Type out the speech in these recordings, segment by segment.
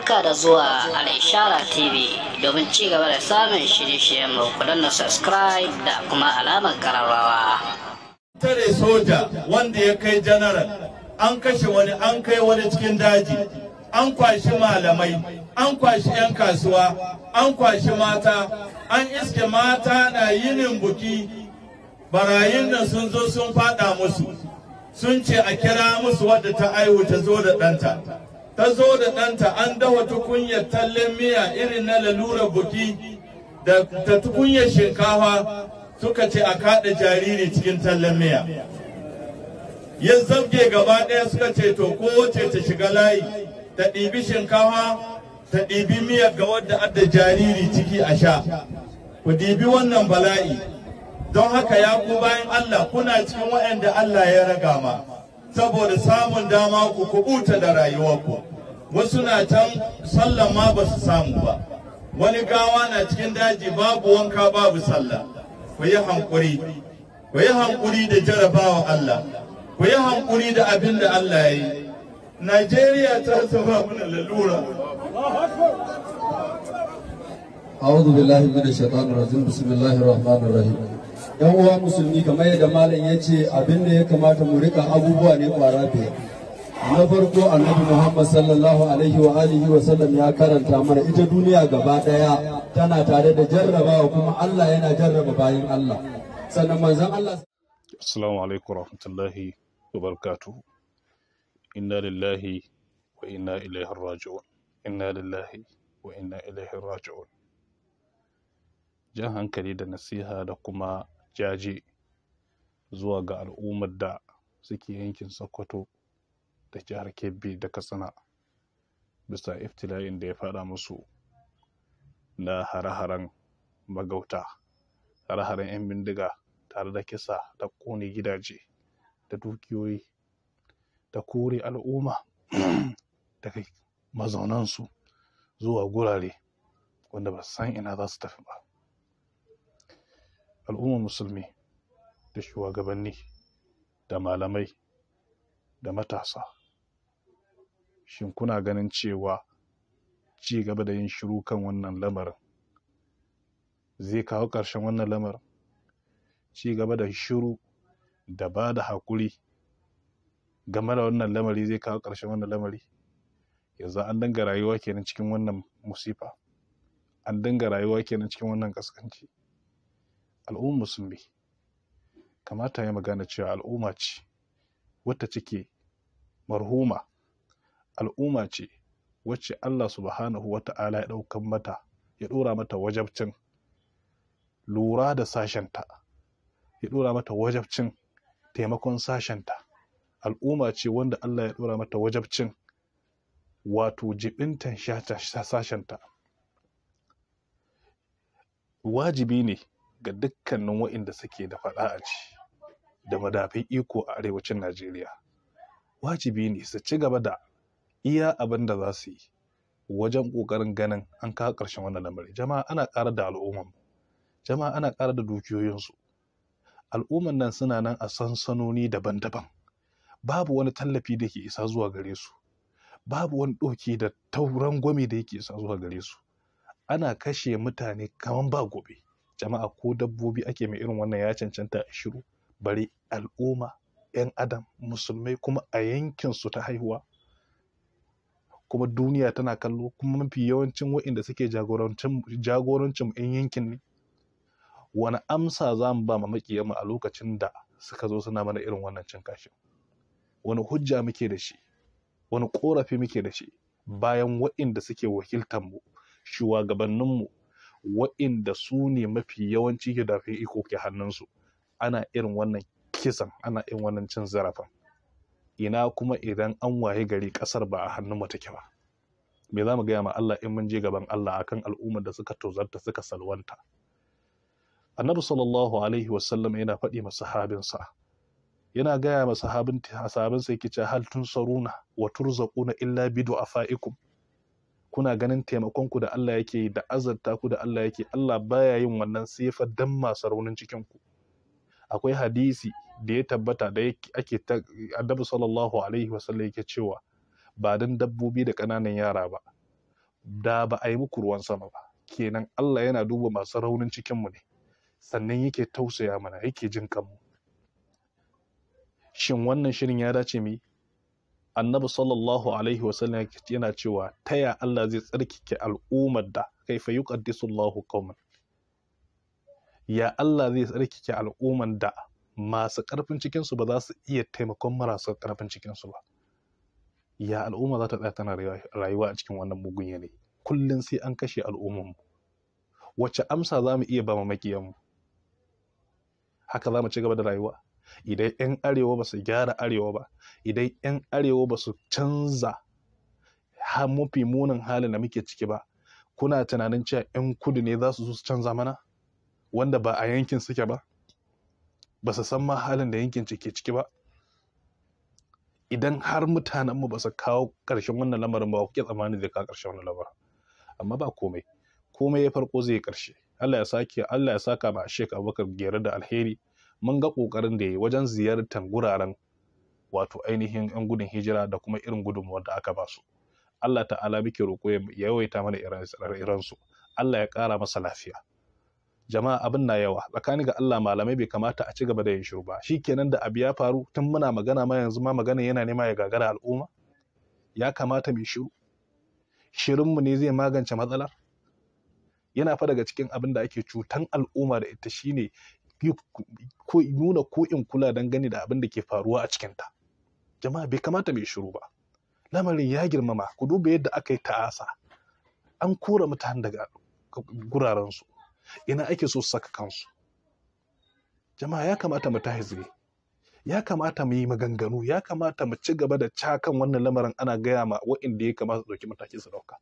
barka da zuwa a ishara tv domin ci gaba da samun shirye-shiryen mu na subscribe da kuma alamar kararrawa tare soja wanda ya kai janaral an kashe wani an kai wani cikin daji an kwashi malamai an kwashi 'yan kasuwa an kwashi mata an iske mata na yinin buki barayin da sun zo sun fada musu sun ce a kira musu wadda ta aiwu ta zo da ɗanta ta zo da ɗanta an dawa tukunyar tallan miya irin na lalurar buki da ta tukunyar shinkafa suka ce a kaɗa jariri cikin tallen miya ya zabge gaba ɗaya suka ce to kowace ta shiga layi ta ɗibi shinkafa ta ɗibi miyar ga wadda adda jariri ciki a sha ku ɗibi wannan bala'i don haka ya ku bayan Allah kuna cikin waɗanda Allah ya raga ma saboda samun dama ku kubuta da rayuwarku wasu na can sallan ma ba su samu ba wani gawa na cikin daji babu wanka babu sallah ku yi hankuri ku yi hankuri da jarabawa Allah ku yi hankuri da abin da Allah ya yi Najeriya ta zama mana lalura أعوذ بالله من الشيطان الرجيم بسم الله الرحمن الرحيم yan uwa musulmi kamar yadda malam ya ce abin da ya kamata mu rika abubuwa ne kwara biyar na farko annabi muhammad sallallahu alaihi wa alihi wa sallam ya karanta mana ita duniya gaba daya tana tare da jarrabawa kuma allah yana jarraba bayan allah sannan manzon allah assalamu alaikum rahmatullahi wa barakatuhu inna lillahi wa inna ilaihi raji'un inna lillahi wa inna ilaihi raji'un jan hankali da nasiha da kuma jaje zuwa ga al'ummar da suke yankin Sokoto da jihar Kebbi da Katsina bisa iftila'in da ya faɗa musu na hare-haren magauta hare-haren 'yan bindiga tare da kisa da ƙone gidaje da dukiyoyi da kore al'umma daga mazaunansu zuwa gurare wanda ba san ina za su tafi ba al'ummar musulmi da shugabanni da malamai da matasa shin kuna ganin cewa ci gaba da yin shiru kan wannan lamarin zai kawo ƙarshen wannan lamarin ci gaba da shiru da ba da haƙuri game da wannan lamari zai kawo ƙarshen wannan lamari yanzu an dinga rayuwa kenan cikin wannan musifa an dinga rayuwa kenan cikin wannan kaskanci al'umma musulmi kamata ya magana cewa al'umma ce wata cike marhuma al'umma ce wacce Allah subhanahu wa ta'ala ya ɗaukan mata ya ɗora mata wajabcin lura da sashenta ya ɗora mata wajabcin taimakon sashenta al'umma ce wanda Allah ya ɗora mata wajabcin wato jibintan sashenta wajibi ne ga dukkanin waɗanda suke da faɗa a ci da madafin iko a arewacin Najeriya. Wajibi ne su ci gaba da iya abin da za su yi wajen ƙoƙarin ganin an kawo ƙarshen wannan lamari. Jama'a ana ƙara da al'umman jama'a ana ƙara da dukiyoyinsu. Al'umman nan suna nan a sansanoni daban-daban. Babu wani tallafi da ke isa zuwa gare su. Babu wani ɗauki da tauran gwami da yake isa zuwa gare su. Ana kashe mutane kaman ba gobe. jama'a ko dabbobi ake ma irin wannan ya cancanta a shiru bare al'umma 'yan adam musulmai kuma a yankinsu ta haihuwa kuma duniya tana kallo kuma mafi yawancin wa'inda suke jagorancin 'yan yankin ne wani amsa za mu ba mu a lokacin da suka zo suna mana irin wannan cin kashin wani hujja muke da shi wani ƙorafi muke da shi bayan wa'inda suke wakiltan wakiltanmu shugabanninmu wa'inda su ne mafi yawanci hidafin iko ke hannunsu ana irin wannan kisan ana irin wannan cin zarafin ina kuma idan an waye gari ƙasar ba a hannun mu take ba me za mu gaya ma Allah in mun je gaban Allah akan al'ummar da suka tozarta suka salwanta annabi sallallahu alaihi wasallam yana faɗi ma sahabinsa yana gaya ma sahabin sahabinsa yake cewa hal Saruna wa turzaquna illa bidu afaikum kuna ganin taimakon ku da Allah yake da azarta ku da Allah yake Allah baya yin wannan sai fa dan masu raunin cikin ku akwai hadisi da ya tabbata da ake annabi sallallahu alaihi wasallam yake cewa ba dan dabbobi da ƙananan yara ba da ba a yi muku ruwan sama ba kenan Allah yana duba masu raunin cikin mu ne sannan yake tausaya mana yake jin kanmu shin wannan shirin ya dace mu annabi sallallahu alaihi wasallam yana cewa taya Allah zai tsarkake al'ummar da kaifa qauman ya Allah zai tsarkake al'ummar da masu karfin cikinsu ba za su iya taimakon marasa karfin cikinsu ba ya al'umma za ta tsaya tana rayuwa a cikin wannan mugun yanayi kullum sai an kashe mu wacce amsa za mu iya ba mu makiyanmu haka za mu ci gaba da rayuwa idan 'yan arewa ba su gyara arewa ba idan 'yan arewa ba su canza mafi munin halin da muke ciki ba kuna tunanin cewa 'yan kudu ne za su zo su canza mana wanda ba a yankin suke ba ba su san ma halin da yankin ke ciki ba idan har mutanenmu ba su kawo ƙarshen wannan lamarin ba ku ke tsammanin zai kawo ƙarshen wannan lamarin amma ba komai komai ya farko zai yi ƙarshe Allah ya sake Allah ya saka ma Sheikh Abubakar gyara da alheri mun ga ƙoƙarin da ya yi wajen ziyartar guraren wato ainihin 'yan gudun hijira da kuma irin gudunmuwar da aka ba su Allah ta'ala muke roƙo ya yawaita mana irin su Allah ya ƙara masa lafiya jama'a abin na yawa Tsakanin ga Allah malamai bai kamata a ci gaba da yin shiru ba Shi kenan da abu ya faru tun muna magana ma yanzu ma magana yana nema ya gagara al'umma ya kamata mai shiru shirinmu ne zai magance matsalar yana fa daga cikin abin da ake cutan al'umma da ita shine nuna ko'in kula kula gani da abin da ke faruwa a cikinta jama'a bai kamata mai shiru ba lamarin ya girmama ku duba yadda aka yi ta'asa an kora mutane daga gurarensu ina ake so saka kansu jama'a ya kamata mu ta hizbe ya kamata mu yi maganganu ya kamata mu ci gaba da cakan wannan lamarin ana gaya ma wa'inda ya kamata su ɗauki matakin su ɗauka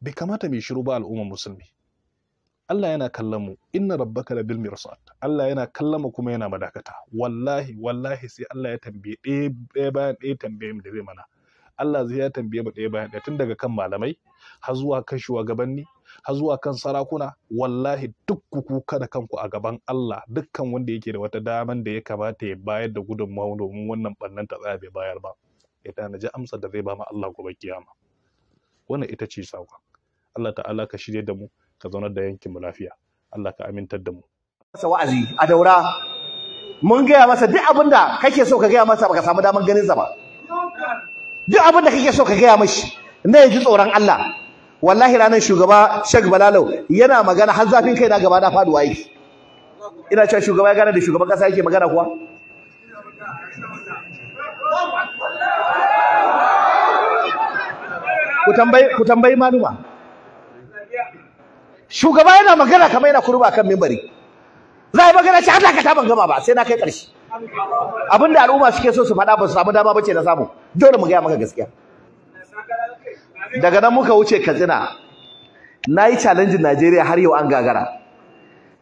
bai kamata mai shuru shiru ba al'ummar musulmi Allah yana kallon mu inna rabbaka la bil mirsad Allah yana kallon mu kuma yana madakata wallahi wallahi sai Allah ya tambaye ɗaya bayan ɗaya tambaye mu da zai mana Allah zai ya tambaye mu ɗaya bayan ɗaya tun daga kan malamai har zuwa kan shugabanni har zuwa kan sarakuna wallahi duk ku kuka da kanku a gaban Allah dukkan wanda yake da wata daman da ya kamata ya bayar da gudunmawa domin wannan bannan ta tsaya bai bayar ba ya tanaji amsar da zai ba mu Allah gobe kiyama wannan ita ce sauka. Allah ta'ala ka shirye da mu ka zaunar da yankin mu lafiya Allah ka amintar da mu masa wa'azi a daura mun gaya masa duk abin da kake so ka gaya masa baka samu damar ganin sa ba duk abin da kake so ka gaya mashi na ji tsoron Allah wallahi ranar shugaba Sheikh Balalo yana magana har zafin kai na gaba na faduwa yake ina cewa shugaba ya gane da shugaban kasa yake magana kuwa ku tambayi maluma shugaba yana magana kamar yana kurba kan mimbari za a yi magana ci Allah ka ta ban gama ba sai na kai ƙarshe da al'umma suke so su faɗa ba su samu dama ba bace na samu dole mu gaya maka gaskiya daga nan muka wuce Katsina na yi challenge Najeriya har yau an gagara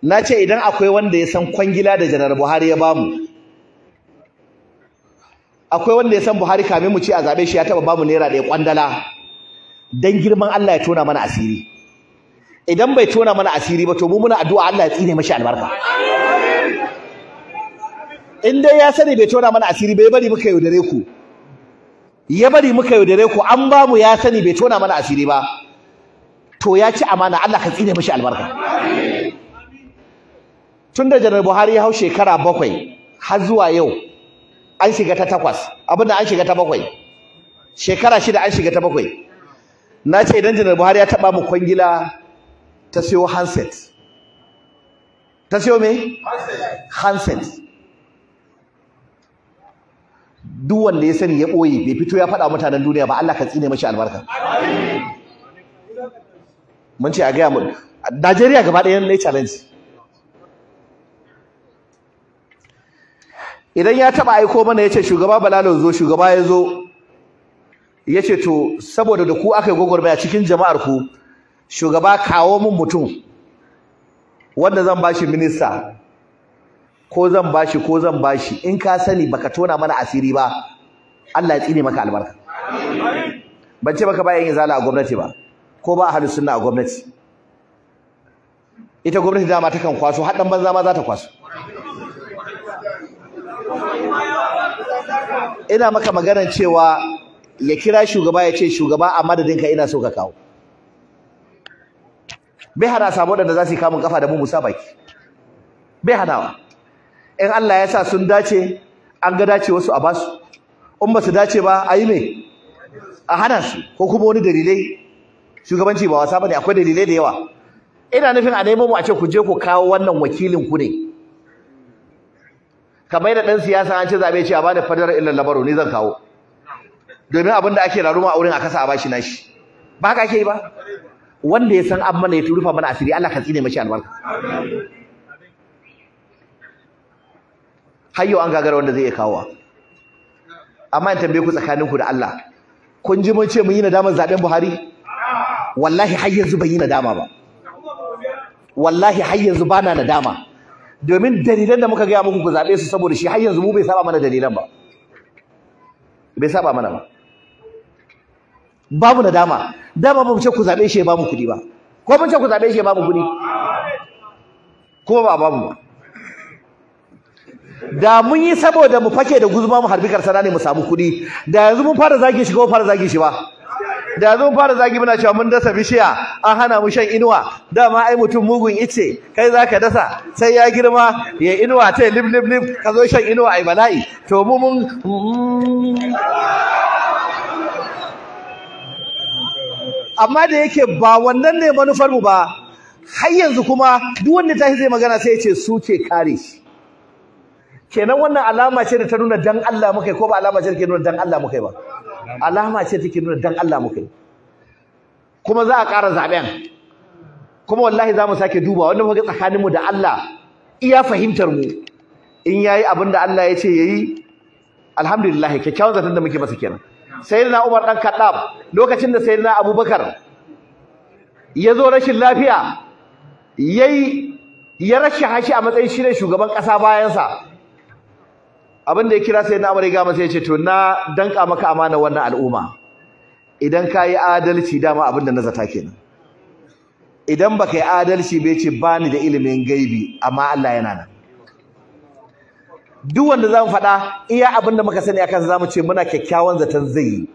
na ce idan akwai wanda ya san kwangila da janar Buhari ya bamu akwai wanda ya san Buhari kamin mu ci a zabe shi ya taba bamu naira ɗaya kwandala dan girman Allah ya tona mana asiri idan bai tona mana asiri ba to mu muna addu'a Allah ya tsine mashi albarka in dai ya sani bai tona mana asiri bai bari muka yaudare ku ya bari muka yaudare ku an ba mu ya sani bai tona mana asiri ba to ya ci amana Allah ka tsine mashi albarka tun da janar Buhari ya hau shekara bakwai har zuwa yau an shiga ta takwas abin da an shiga ta bakwai shekara shida an shiga ta bakwai na ce idan janar Buhari ya taba mu kwangila ta siyo handset ta siyo me handset duk wanda ya sani ya ɓoye bai fito ya faɗa mutanen duniya ba Allah ka tsine mashi albarka mun ce a gaya mu Najeriya gaba ɗaya ne challenge idan ya taɓa aiko mana ya ce shugaba balalo zo shugaba ya zo ya ce to saboda da ku aka yi gwagwarmaya cikin jama'ar ku shugaba kawo min mutum wanda zan bashi minista ko zan bashi ko zan bashi in ka sani baka tona mana asiri ba Allah ya tsine maka albarka ban ce baka ba yin zala a gwamnati ba ko ba ahlus sunna a gwamnati ita gwamnati dama ta kan kwaso haɗan banza ma za ta kwaso ina maka maganar cewa ya kira shugaba ya ce shugaba a madadinka ina so ka kawo bai hana samu waɗanda za su yi kamun kafa da mu musa baki bai hanawa in Allah ya sa sun dace an ga dace wasu a basu in ba su dace ba a yi me a hana su ko kuma wani dalilai shugabanci ba wasa bane akwai dalilai da yawa ina nufin a neman mu a ce ku je ku kawo wannan wakilin ku ne kamar da ɗan siyasa an ce zabe ce a bani fadarar illal labaru ni zan kawo domin abin da ake raruma a wurin a kasa a bashi nashi ba haka ake yi ba wanda ya san an mana ya fa mana asiri Allah ka tsine mashi albarka har yau an gagara wanda zai iya kawo amma in tambaye ku tsakaninku da Allah kun ji mun ce mun yi nadamar zaben Buhari wallahi har yanzu ban yi nadama ba wallahi har yanzu bana nadama domin dalilan da muka gaya muku ku zaɓe su saboda shi har yanzu mu bai saba mana dalilan ba bai saba mana ba babu nadama dama ba mu ce ku zabe shi ya bamu kudi ba ko mun ce ku zabe shi ya bamu kudi ko ba bamu ba da mun yi saboda mu fake da guzuma mu harbi karsana ne mu samu kudi da yanzu mun fara zagi shi ko fara zagi shi ba da yanzu mun fara zagi muna cewa mun dasa bishiya an hana mu shan inuwa dama ai mutum mugun ice kai zaka dasa sai ya girma ya inuwa ta lib lib lib ka zo shan inuwa ai bala'i to mu mun mm. amma da yake ba wannan ne manufar mu ba har yanzu kuma duk wanda ta zai magana sai ya ce su ke kare shi kenan wannan alama ce da ta nuna dan Allah muka yi ko ba alama ce da ke nuna dan Allah muka yi ba alama ce take nuna dan Allah muka yi kuma za a ƙara zaben kuma wallahi za mu sake duba wanda muka tsakanin mu da Allah iya fahimtar mu in yayi abin da Allah ya ce yayi alhamdulillah kyakkyawan zaton da muke masa kenan sayyidina Umar dan Khattab lokacin da sayyidina Abubakar ya zo rashin lafiya yayi ya rashi hashi a matsayin shi ne shugaban ƙasa bayansa abin da ya kira sayyidina Umar ya ga ya ce to na danka maka amana wannan al'umma idan ka adalci dama abin da na kenan idan baka yi adalci bai ce bani da ilimin gaibi amma Allah yana nan duk wanda zamu faɗa iya abinda muka sani akan sa zamu ce muna kyakkyawan zaton zai yi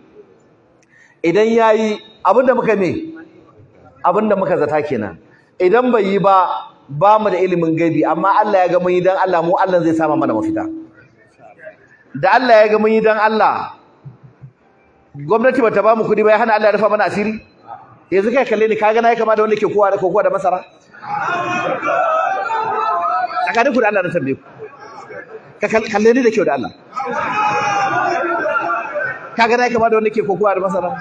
idan yayi yi, abinda muka me abinda muka zata kenan idan bai yi ba ba mu da ilimin gaibi amma Allah ya ga mun yi dan Allah mu Allah zai sama mana mafita da Allah ya ga mun yi dan Allah gwamnati bata ba mu kuɗi ba ya hana Allah ya rufa mana asiri yanzu kai kalle ni ka ga kama da wanda ke kowa da kowa da masara tsakanin ku da Allah na tambaye ku ka kalle ni da kyau da Allah ka ga na kama da wanda ke kokowa da masara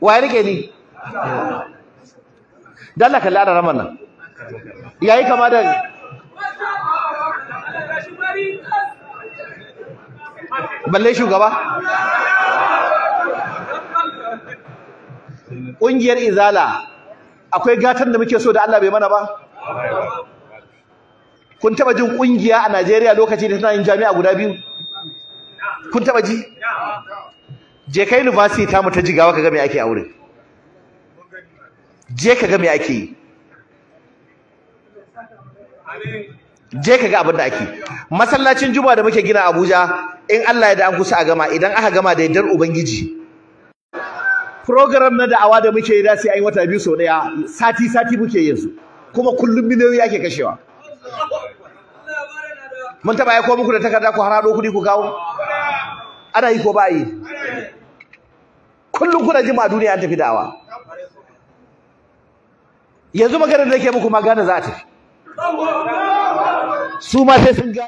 wa ya rike ni Da Allah kalli ramana nan yayi kama da balle shugaba ƙungiyar izala akwai gatan da muke so da Allah bai mana ba kun taba jin kungiya a Najeriya lokaci da tana yin jami'a guda biyu kun taba ji je kai university ta mu ta jigawa kaga me ake aure je kaga me ake yi je kaga abin da ake masallacin juma'a da muke gina Abuja in Allah ya da an kusa a gama idan aka gama da yardar ubangiji program na da'awa da muke yi da sai an wata biyu sau daya sati sati muke yanzu kuma kullum miliyoyi ake kashewa mun taba aiko muku da takarda ku harado kudi ku kawo ana yi ko ba yi kullum kuna jima duniya an tafi dawa yanzu maganar da nake muku magana za ta su ma sai sun ga